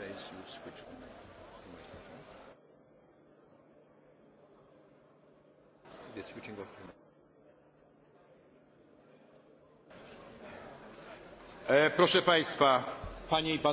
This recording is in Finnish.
days you switch off. The switching off. E, proszę Państwa, Panie i Panowie.